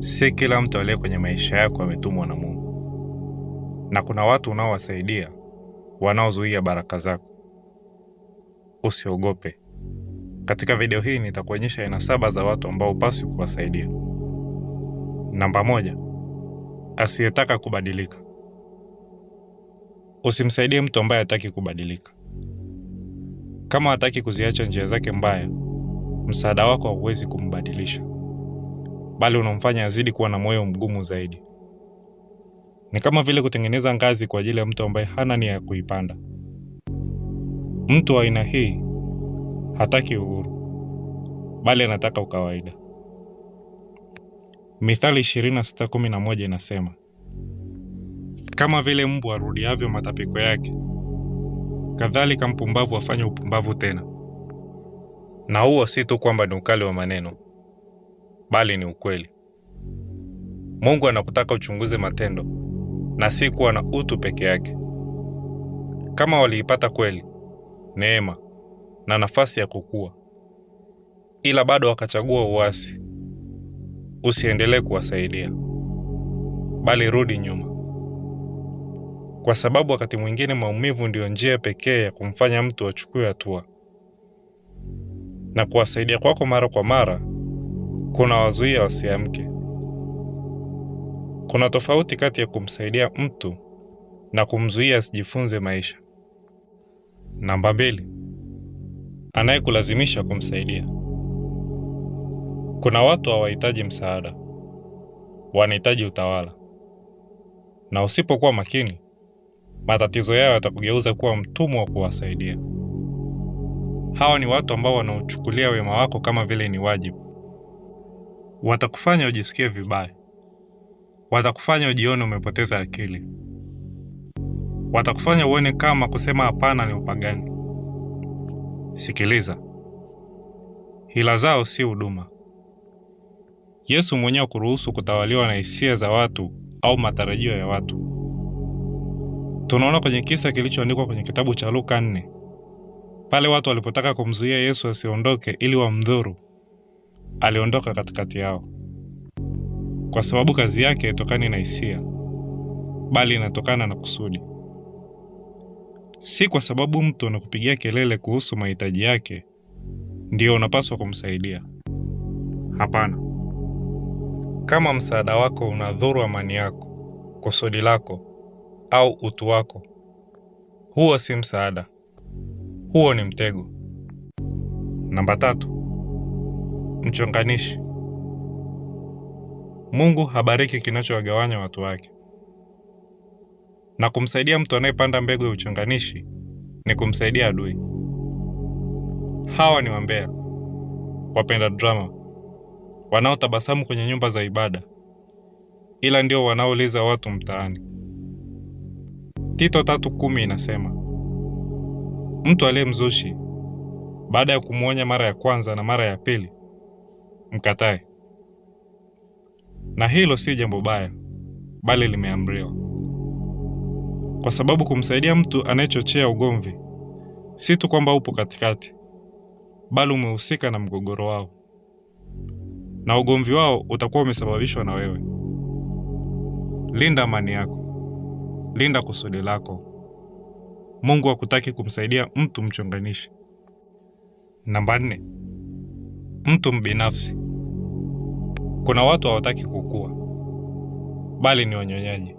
Si kila mtu aliye kwenye maisha yako ametumwa na Mungu, na kuna watu unaowasaidia wanaozuia baraka zako. Usiogope. Katika video hii nitakuonyesha aina saba za watu ambao upaswi kuwasaidia. Namba moja, asiyetaka kubadilika. Usimsaidie mtu ambaye hataki kubadilika. Kama hataki kuziacha njia zake mbaya, msaada wako hauwezi kumbadilisha bali unamfanya azidi kuwa na moyo mgumu zaidi. Ni kama vile kutengeneza ngazi kwa ajili ya mtu ambaye hana nia ya kuipanda. Mtu wa aina hii hataki uhuru, bali anataka ukawaida. Mithali 26:11 inasema, kama vile mbwa arudiavyo matapiko yake, kadhalika mpumbavu afanye upumbavu tena. Na huo si tu kwamba ni ukali wa maneno bali ni ukweli. Mungu anakutaka uchunguze matendo na si kuwa na utu peke yake. Kama waliipata kweli neema na nafasi ya kukua, ila bado wakachagua uasi, usiendelee kuwasaidia, bali rudi nyuma, kwa sababu wakati mwingine maumivu ndiyo njia pekee ya kumfanya mtu achukue hatua, na kuwasaidia kwako mara kwa mara kuna wazuia wasiamke. Kuna tofauti kati ya kumsaidia mtu na kumzuia asijifunze maisha. Namba mbili, anayekulazimisha kumsaidia. Kuna watu hawahitaji msaada, wanahitaji utawala, na usipokuwa makini, matatizo yao yatakugeuza kuwa mtumwa wa kuwasaidia. Hawa ni watu ambao wanaochukulia wema wako kama vile ni wajibu watakufanya ujisikie vibaya, watakufanya ujione umepoteza akili, watakufanya uone kama kusema hapana ni upagani. Sikiliza, hila zao si huduma. Yesu mwenyewe kuruhusu kutawaliwa na hisia za watu au matarajio ya watu. Tunaona kwenye kisa kilichoandikwa kwenye kitabu cha Luka 4 pale watu walipotaka kumzuia Yesu asiondoke ili wamdhuru aliondoka katikati yao, kwa sababu kazi yake haitokani na hisia, bali inatokana na kusudi. Si kwa sababu mtu anakupigia kelele kuhusu mahitaji yake ndio unapaswa kumsaidia. Hapana. Kama msaada wako unadhuru amani yako, kusudi lako au utu wako, huo si msaada, huo ni mtego. Namba tatu. Mchonganishi. Mungu habariki kinachowagawanya watu wake, na kumsaidia mtu anayepanda mbegu ya uchonganishi ni kumsaidia adui. Hawa ni wambea, wapenda drama, wanaotabasamu kwenye nyumba za ibada, ila ndio wanaouliza watu mtaani. Tito tatu kumi inasema mtu aliye mzushi baada ya kumwonya mara ya kwanza na mara ya pili mkatae. Na hilo si jambo baya, bali limeamriwa, kwa sababu kumsaidia mtu anayechochea ugomvi si tu kwamba upo katikati, bali umehusika na mgogoro wao, na ugomvi wao utakuwa umesababishwa na wewe. Linda amani yako, linda kusudi lako. Mungu hakutaki kumsaidia mtu mchonganishi. Namba nne mtu mbinafsi. Kuna watu hawataki kukua, bali ni wanyonyaji,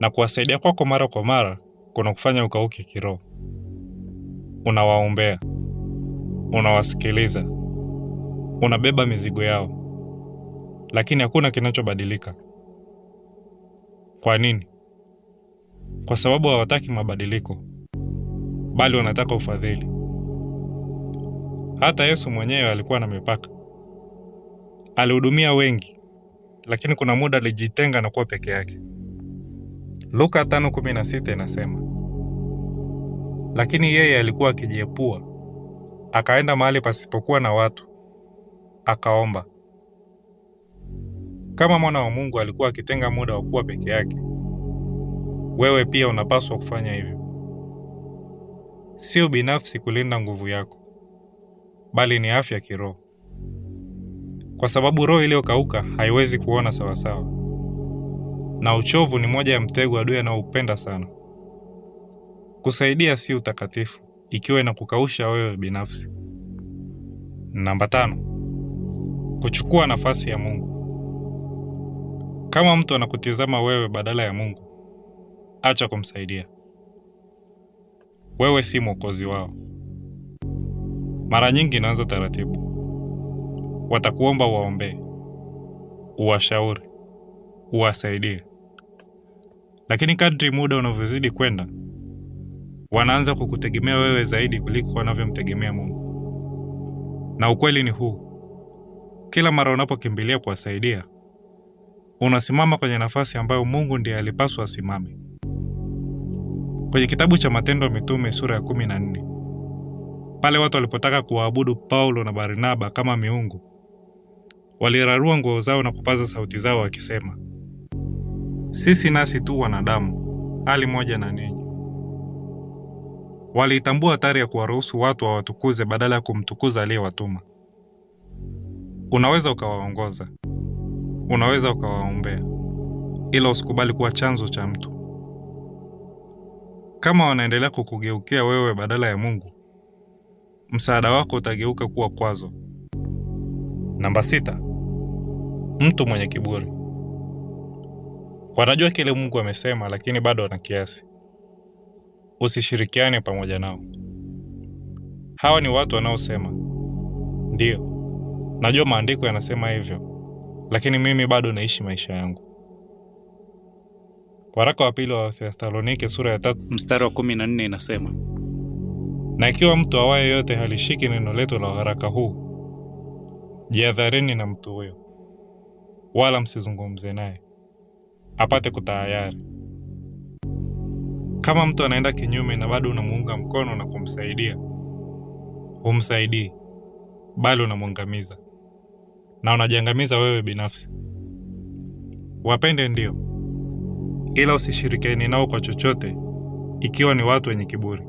na kuwasaidia kwako mara kwa mara kuna kufanya ukauke kiroho. Unawaombea, unawasikiliza, unabeba mizigo yao, lakini hakuna kinachobadilika. Kwa nini? Kwa sababu hawataki mabadiliko, bali wanataka ufadhili. Hata Yesu mwenyewe alikuwa na mipaka. Alihudumia wengi, lakini kuna muda alijitenga na kuwa peke yake. Luka 5:16 inasema, lakini yeye alikuwa akijiepua, akaenda mahali pasipokuwa na watu, akaomba. Kama mwana wa Mungu alikuwa akitenga muda wa kuwa peke yake, wewe pia unapaswa kufanya hivyo. Sio binafsi kulinda nguvu yako bali ni afya kiroho, kwa sababu roho iliyokauka haiwezi kuona sawasawa, na uchovu ni moja ya mtego adui anaoupenda sana. Kusaidia si utakatifu ikiwa inakukausha wewe binafsi. Namba tano: kuchukua nafasi ya Mungu. Kama mtu anakutizama wewe badala ya Mungu, acha kumsaidia. Wewe si mwokozi wao. Mara nyingi inaanza taratibu. Watakuomba uwaombee, uwashauri, uwasaidie, lakini kadri muda unavyozidi kwenda, wanaanza kukutegemea wewe zaidi kuliko wanavyomtegemea Mungu. Na ukweli ni huu: kila mara unapokimbilia kuwasaidia, unasimama kwenye nafasi ambayo Mungu ndiye alipaswa asimame. Kwenye kitabu cha Matendo ya Mitume sura ya 14 pale watu walipotaka kuwaabudu Paulo na Barnaba kama miungu, walirarua nguo zao na kupaza sauti zao wakisema, sisi nasi tu wanadamu, hali moja na ninyi. Waliitambua hatari ya kuwaruhusu watu wawatukuze badala ya kumtukuza aliyewatuma. Unaweza ukawaongoza, unaweza ukawaombea, ila usikubali kuwa chanzo cha mtu. Kama wanaendelea kukugeukia wewe badala ya Mungu, msaada wako utageuka kuwa kwazo. Namba sita, mtu mwenye kiburi. Wanajua kile Mungu amesema, lakini bado wana kiasi. Usishirikiane pamoja nao. Hawa ni watu wanaosema ndio najua maandiko yanasema hivyo, lakini mimi bado naishi maisha yangu. Waraka wa pili wa thesalonike sura ya tatu mstari wa 14 inasema na ikiwa mtu awaye yote halishiki neno letu la waraka huu, jihadharini na mtu huyo, wala msizungumze naye apate kutahayari. Kama mtu anaenda kinyume na bado unamuunga mkono na kumsaidia, humsaidii bali unamwangamiza na unajiangamiza wewe binafsi. Wapende ndio, ila usishirikiani nao kwa chochote, ikiwa ni watu wenye kiburi.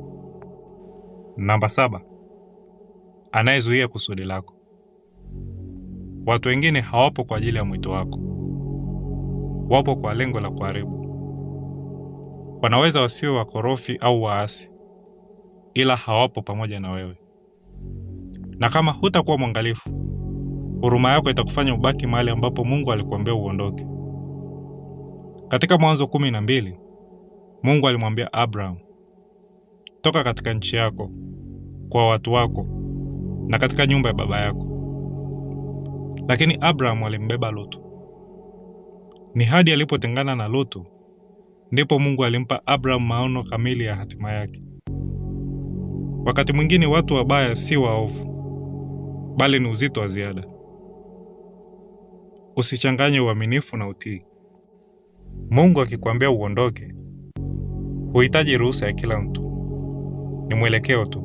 Namba saba, anayezuia kusudi lako. Watu wengine hawapo kwa ajili ya mwito wako, wapo kwa lengo la kuharibu. Wanaweza wasiwe wakorofi au waasi, ila hawapo pamoja na wewe, na kama hutakuwa mwangalifu, huruma yako itakufanya ubaki mahali ambapo Mungu alikuambia uondoke. Katika Mwanzo kumi na mbili Mungu alimwambia Abraham, toka katika nchi yako kwa watu wako na katika nyumba ya baba yako. Lakini Abrahamu alimbeba Lutu. Ni hadi alipotengana na Lutu ndipo Mungu alimpa Abrahamu maono kamili ya hatima yake. Wakati mwingine watu wabaya si waovu, bali ni uzito wa ziada. Usichanganye uaminifu na utii. Mungu akikwambia uondoke, huhitaji ruhusa ya kila mtu, ni mwelekeo tu.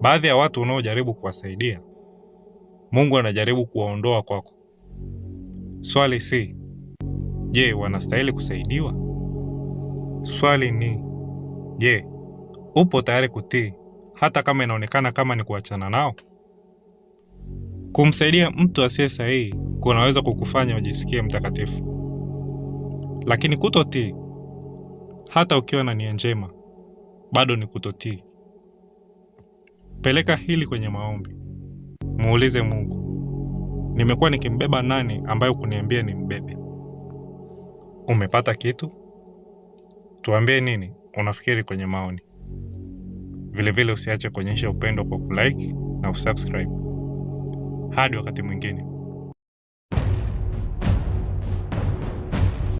Baadhi ya watu unaojaribu kuwasaidia, Mungu anajaribu kuwaondoa kwako. Swali si je, wanastahili kusaidiwa? Swali ni je, upo tayari kutii hata kama inaonekana kama ni kuachana nao? Kumsaidia mtu asiye sahihi kunaweza kukufanya ujisikie mtakatifu, lakini kutotii, hata ukiwa na nia njema, bado ni kutotii. Peleka hili kwenye maombi, muulize Mungu, nimekuwa nikimbeba nani ambayo kuniambia nimbebe? Umepata kitu? Tuambie nini unafikiri kwenye maoni. Vilevile usiache kuonyesha upendo kwa kulike na usubscribe. Hadi wakati mwingine.